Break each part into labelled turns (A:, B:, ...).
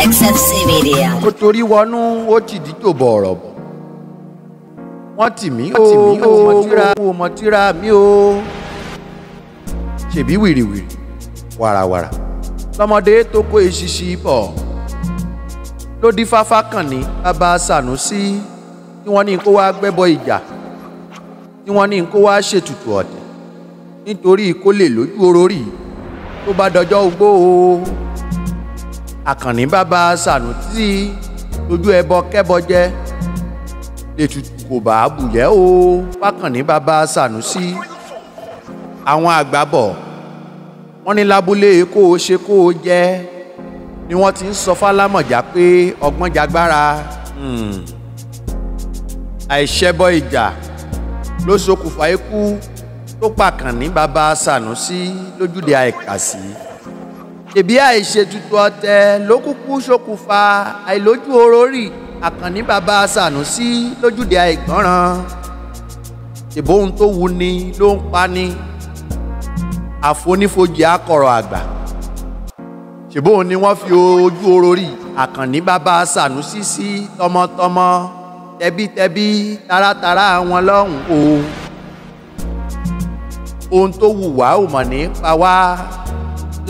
A: XFC Media. kó torí wọnú ó ti díjò bọ̀rọ̀ wọ́n tì mí ó ó mọ tíra mi ó
B: ṣèbí wìrìwìrì
A: wàràwàrà lọ́mọdé tó kó eṣiṣi bọ̀ ló dí fáfá kàn ní bàbá Sànúsí tí wọ́n ní kó wá gbẹ́bọ ìjà tí wọ́n ní kó wá ṣètùtù ọ̀tẹ̀ nítorí kó lè lójú orórì tó bá dọjọ́ ogbó akànnì bàbá sànùtì lójú ẹbọ kẹbọ jẹ ètùtù kò bá bùjẹ́ o fákànnì bàbá sànùsí àwọn àgbàbọ̀ wọ́n ní lábúlé kó o ṣe kó o jẹ́ ni wọ́n ti ń sọ fálámọ̀já pé ọgbọ́n jagbára hmm. àìṣẹ́bọ ìjà ló ṣokùnfà ikú tó pàkànnì bàbá sànùsí lójúde àìkàsí ṣèbí àìṣètùtù ọ̀tẹ̀ ló kúkú ṣokùnfà àìlójú orórì àkànní bàbá Sànúsí lójúde àìgbọ́ràn ṣèbóhun tó wu ni ló ń pa ni àfonífojì akọ̀rọ̀ àgbà ṣèbóhun ni wọ́n fi ojú orórì àkànní bàbá Sànúsí sí tọmọtọmọ tẹbítẹbí taratara àwọn lọ́hùn o ohun tó wù wá ò mọ̀ ní wá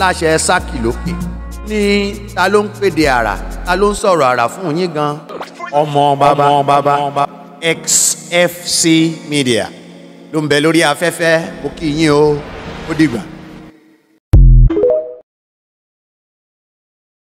A: láṣẹ sákì lókè ní ta ló ń pèdè àrà ta ló ń sọ̀rọ̀ àrà fún yín gan. ọmọ bàbá ọmọ bàbá XFC Media ló ń bẹ lórí afẹ́fẹ́ mo yín o ó dìgbà.